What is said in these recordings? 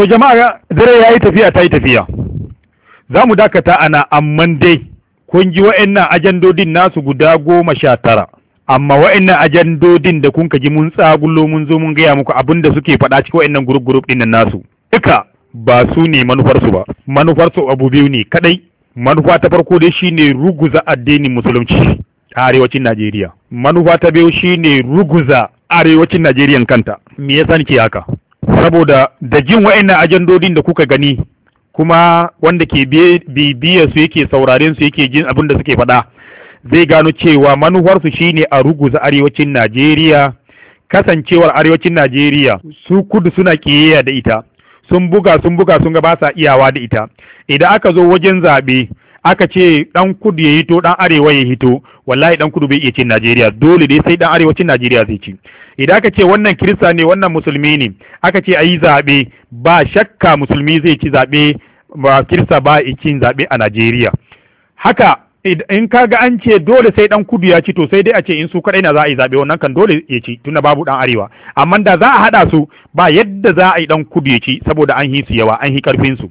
to jama'a dare ya yi tafiya ta yi tafiya za mu dakata ana amman dai kun ji wa'annan ajandodin nasu guda goma sha tara amma wa'annan ajandodin da kun ji mun tsagullo mun zo mun gaya muku abin da suke faɗa cikin wa'annan gurup gurup ɗin nan nasu duka ba su ne manufarsu ba manufarsu abu biyu ne kaɗai manufa ta farko dai shine ruguza addinin musulunci a arewacin Najeriya manufa ta biyu shine ruguza arewacin Najeriya kanta me yasa nake haka saboda da jin wa'annan ajandodin da kuka gani kuma wanda ke bibiyar su yake sauraren su yake jin abin da suke faɗa zai gano cewa manufarsu shine a ruguza arewacin Najeriya kasancewar arewacin Najeriya su kudu suna kiyayya da ita sun buga sun buga sun ga sa iyawa da ita idan aka zo wajen zaɓe aka ce dan kudu ya hito dan arewa ya hito wallahi dan kudu bai iya cin Najeriya dole dai sai dan arewacin Najeriya zai ci idan aka ce wannan kirista ne wannan musulmi ne aka ce ayi zabe ba shakka musulmi zai ci zabe ba kirista ba cin zabe a Najeriya haka in kaga an ce dole sai dan kudu ya ci to sai dai a ce in su kadai na za a yi zabe wannan kan dole ya ci tunda babu dan arewa amma da za a hada su ba yadda za a yi dan kudu ya ci saboda an hi su yawa an hi karfin su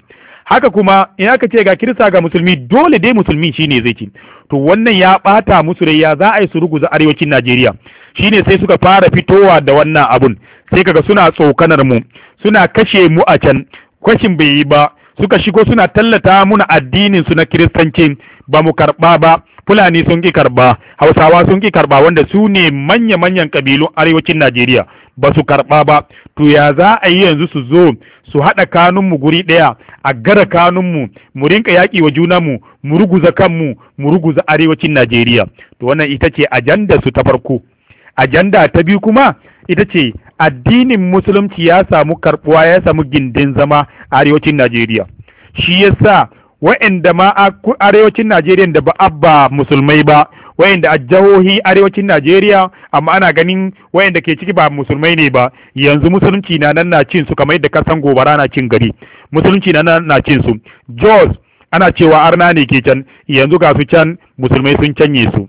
haka kuma in aka ce ga kirista ga musulmi dole dai musulmi shine zai ci to wannan ya ɓata musu rai ya za a yi su ruguza arewacin Najeriya shine sai suka fara fitowa da wannan abun sai kaga suna tsokanar mu suna kashe mu a can kwashin bai yi ba suka shigo suna tallata muna addinin su na kiristanci ba mu karba ba fulani sun ki karba hausawa sun ki karba wanda su ne manya manyan kabilun arewacin Najeriya ba su karɓa ba to ya za a yi yanzu su zo su haɗa kanunmu guri ɗaya a gara kanunmu mu rinka yaƙi wa junanmu mu mu ruguza kanmu mu ruguza arewacin najeriya to wannan ita ce ajanda su ta farko ajanda ta biyu kuma ita ce addinin musulunci ya samu karɓuwa ya samu gindin zama arewacin najeriya shi yasa wa'anda ma arewacin najeriya da ba abba musulmai ba wayanda a jihohi arewacin Najeriya amma ana ganin wayanda ke ciki ba musulmai ne ba yanzu musulunci na nan na cin su kamar yadda kasan gobara na cin gari musulunci na nan na cin su Jos ana cewa arna ne ke can yanzu ga su can musulmai sun canye su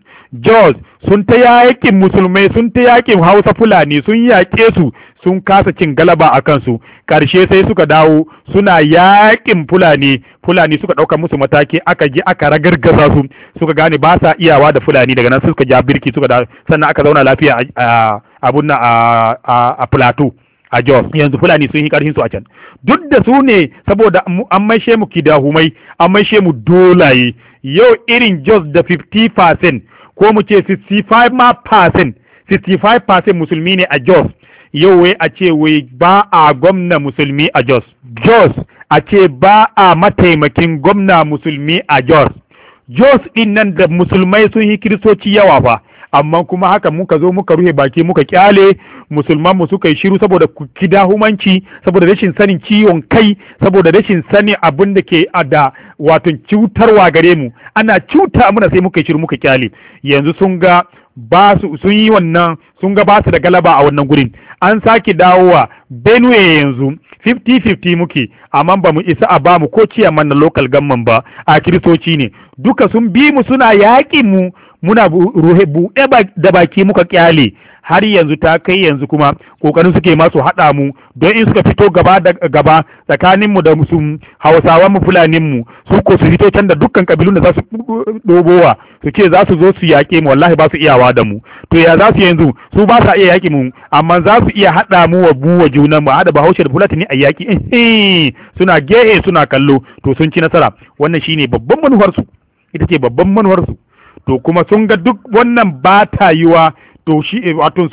Jos sun ta yakin musulmai sun ta yakin Hausa Fulani sun yaƙe su sun kasa cin galaba a kansu ƙarshe sai suka dawo suna yaƙin fulani fulani suka ɗauka musu mataki aka ji aka ragargaza su suka gane ba sa iyawa da fulani daga nan suka ja birki suka dawo sannan aka zauna lafiya a a a plateau a Jos yanzu Fulani sun yi ƙarfin su a can duk da su ne saboda an maishe mu kidahumai an maishe mu dolaye yau irin Jos da 50% ko mu ce 65 ma 65 musulmi ne a Jos yau wai a ce wai ba a gwamna musulmi a Jos Jos a ce ba a mataimakin gwamna musulmi a Jos Jos din nan da musulmai sun yi kiristoci yawa fa amma kuma haka muka zo muka ruhe baki muka kyale musulman mu suka yi shiru saboda kida humanci saboda rashin sanin ciwon kai saboda rashin sani abin da ke da wato cutarwa gare mu ana cuta muna sai muka yi shiru muka kyale yanzu sun ga ba su sun yi wannan sun ga ba su da galaba a wannan gurin an sake dawowa benue yanzu 50-50 muke amma ba mu isa a ba mu ko ciyar mana local gamman ba a kiristoci ne duka sun bi mu suna yaƙi mu muna buɗe da baki muka ƙyale. har yanzu ta kai yanzu kuma kokarin suke masu haɗa mu don in suka fito gaba da gaba tsakanin mu da su hausawa mu fulanin mu su ko su fito can da dukkan kabilun da za su dobowa su ce za su zo su yaƙe mu wallahi ba su iyawa da mu to ya za su yanzu su ba sa iya yaƙi mu amma za su iya haɗa mu wa buwa juna mu haɗa bahaushe da a yaƙi eh, suna gehe suna kallo to sun ci nasara wannan shine babban manufarsu ita ce babban manufarsu to kuma sun ga duk wannan ba ta yiwa to shi eh, wato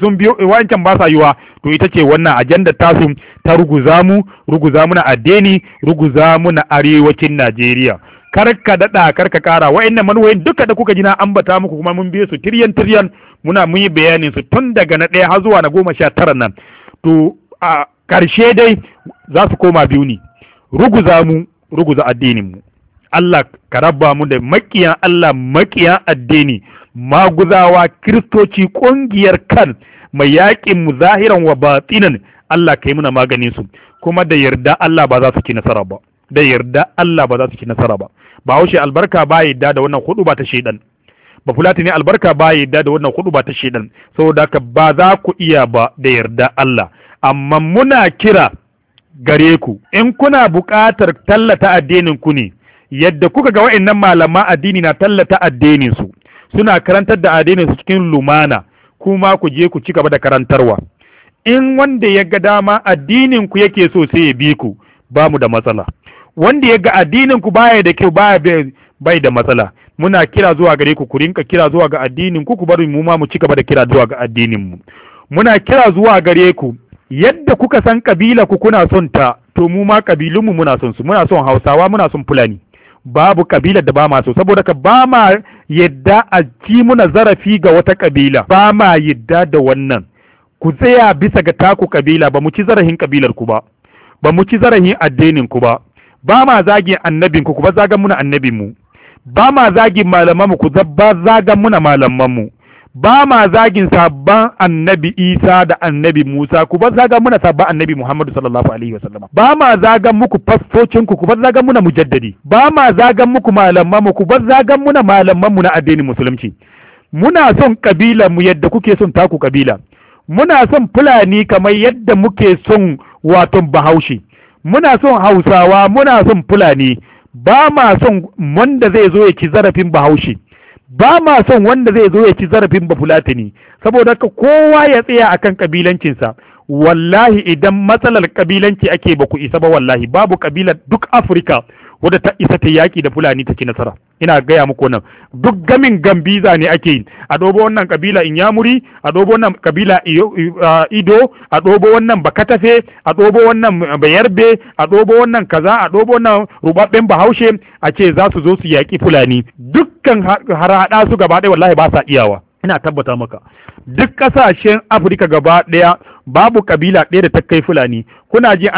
sun biyo eh, wa'ancan ba sa yiwa to ita ce wannan ajandar tasu ta ruguza mu ruguza mu na addini ruguza mu na arewacin Najeriya karka daɗa karka kara wa'annan manuwayin duka da kuka jina ambata muku kuma mun biye su tiryan tiryan muna mun yi bayanin su tun daga na ɗaya har zuwa na goma sha tara nan to a karshe dai za su koma biyu ne ruguza mu ruguza addinin mu Allah ka raba mu da makiyan Allah makiyan addini maguzawa kiristoci ƙungiyar kan mai yaƙin mu zahiran wa batinan Allah ka yi muna maganin su kuma da yarda Allah ba za su ci nasara ba da yarda Allah ba za su ci nasara ba ba haushe albarka ba yarda da wannan hudu ba ta shedan ba fulati ne albarka ba yarda da wannan hudu ba ta shedan saboda ka ba za ku iya ba da yarda Allah amma muna kira gare ku in kuna buƙatar tallata addinin ku ne yadda kuka ga wa'annan malaman addini na tallata addinin su suna karantar da addinin su cikin lumana kuma ku je ku ci gaba da karantarwa in wanda ya ga dama addinin ku yake so sai ya bi ku ba mu da matsala wanda ya ga addinin ku baya da kyau baya bai da matsala muna kira zuwa gare ku ku rinka kira zuwa ga addinin ku ku bari mu ma mu ci gaba da kira zuwa ga addinin mu muna kira zuwa gare ku yadda kuka san kabila ku kuna son ta to mu ma kabilun mu muna son su muna son Hausawa muna son Fulani babu kabilar da ba ma so saboda ka ba ma yadda a ci muna zarafi ga wata kabila ba ma yadda da wannan ku tsaya bisa ga taku kabila ba mu ci zarafin kabilar ku ba ba mu ci zarafin addinin ku ba ba ma zagin annabin ku ba zagan muna annabin mu ba ma zagin malaman mu ku ba zagan muna malaman mu ba ma zagin sabban annabi isa da annabi musa ku ba zaga muna sabban annabi muhammadu sallallahu alaihi wasallama ba ma zagan muku fassocin ku ku ba zagan muna mujaddadi ba ma zagan muku malaman mu ku ba zagan muna malaman mu na addinin musulunci muna son kabila mu yadda kuke son taku kabila muna son fulani kamar yadda muke son waton bahaushe muna son hausawa muna son fulani ba ma son wanda zai zo ya ci zarafin bahaushe ba ma son wanda zai zo ya ci zarafin bafulatani saboda haka kowa ya tsaya akan kabilancinsa wallahi idan matsalar kabilanci ake ba ku isa ba wallahi babu kabilar duk afirka wadda ta isa ta yaƙi da fulani ta ci nasara ina gaya muku nan duk gamin gambiza ne ake yi a dobo wannan kabila yamuri a dobo wannan kabila ido a dobo wannan bakatafe a dobo wannan bayarbe a dobo wannan kaza a dobo wannan rubabben bahaushe a ce za su zo su yaƙi fulani dukkan harhaɗa su gaba ɗaya wallahi ba sa iyawa ina tabbata maka duk ƙasashen afirka gaba ɗaya babu kabila ɗaya da ta kai fulani kuna ji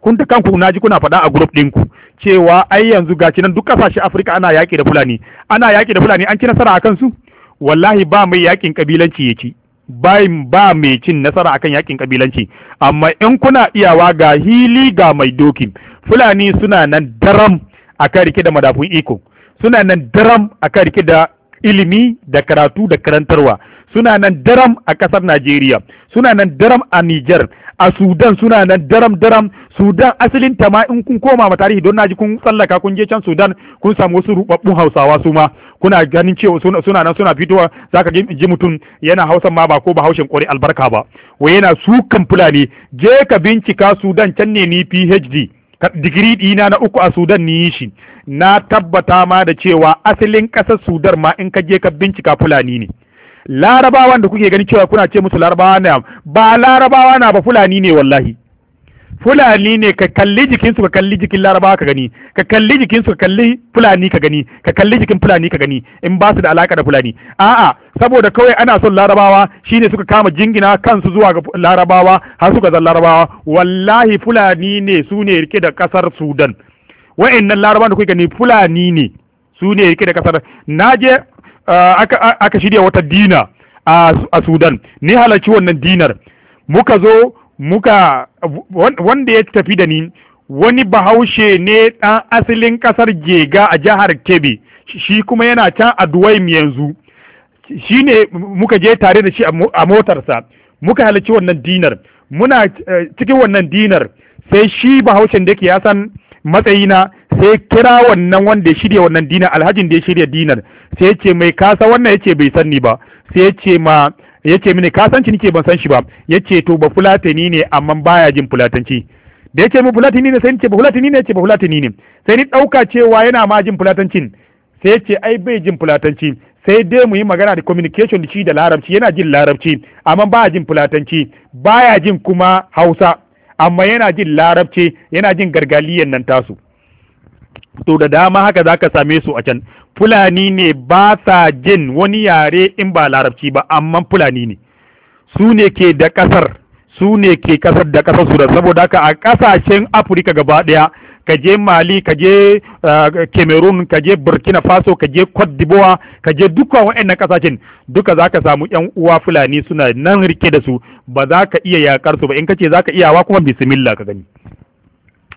kun ta kanku na ji kuna faɗa a group ɗinku cewa ai yanzu gashi nan duk kasashe Afirka ana yaƙi da Fulani ana yaƙi da Fulani an ci nasara akan su wallahi ba mai yaƙin kabilanci ya ci ba ba mai cin nasara akan yaƙin kabilanci amma in kuna iyawa ga hili ga mai dokin. Fulani suna nan daram akan rike da madafun iko suna nan daram akan rike da ilimi da karatu da karantarwa suna nan daram a ƙasar Najeriya suna nan daram a Nijar a sudan suna nan daram daram sudan asalin ta ma in kun koma ma tarihi don naji kun tsallaka kun je can sudan kun samu wasu rubabbun hausawa su ma kuna ganin cewa suna nan suna fitowa zaka ji mutum yana hausa ma ba ko ba haushin kore albarka ba wai yana sukan fulani je ka bincika sudan can ne ni phd digiri dina na uku a sudan ni shi na tabbata ma da cewa asalin kasar sudan ma in ka je ka bincika fulani ne larabawan da kuke gani cewa kuna ce musu larabawa na ba larabawa na ba fulani ne wallahi fulani ne ka kalli jikinsu ka kalli jikin larabawa ka gani ka kalli jikinsu ka kalli fulani ka gani ka kalli jikin fulani ka gani in ba su da alaka da fulani a'a saboda kawai ana son larabawa shine suka kama jingina kansu zuwa ga larabawa har suka zan larabawa wallahi fulani ne su ne rike da kasar sudan wa'annan larabawan da kuke gani fulani ne su ne rike da kasar naje Eh, aka shirya wata dina a sudan ni halarci wannan dinar muka zo muka wanda ya tafi da ni wani bahaushe ne ɗan asalin ƙasar gega a jihar kebbi shi kuma yana can a duwaim yanzu shi ne muka je tare da shi a motarsa muka halarci wannan dinar muna eh, cikin wannan dinar sai shi bahaushen da ke ya san matsayina sai kira wannan wanda ya shirya wannan dinar alhajin da ya shirya dinar sai ya ce mai kasa wannan ya ce bai san ni ba sai ya ce ma ya ce mini kasanci nike ban san shi ba ya ce to ba fulatani ne amma baya jin fulatanci da ya ce min fulatani ne sai ni ce ba fulatani ne ya ce ba fulatani ne sai ni ɗauka cewa yana ma jin fulatancin sai ya ce ai bai jin fulatanci sai dai mu yi magana da communication da shi da larabci yana jin larabci amma baya jin fulatanci baya jin kuma hausa amma yana jin larabci yana jin gargaliyan nan tasu to da dama haka za ka same su a can fulani ne ba sa jin wani yare in ba larabci ba amma fulani ne su ne ke da ƙasar su ne ke kasar da ƙasar su da saboda ka a kasashen afirka gaba ɗaya ka je mali ka je eh, cameroon ka je burkina faso ka je cote d'ivoire ka je duka waɗannan ƙasashen duka za ka samu yan uwa fulani suna nan rike da su ba za ka iya yakar su ba in ka ce za ka iyawa kuma bismillah ka gani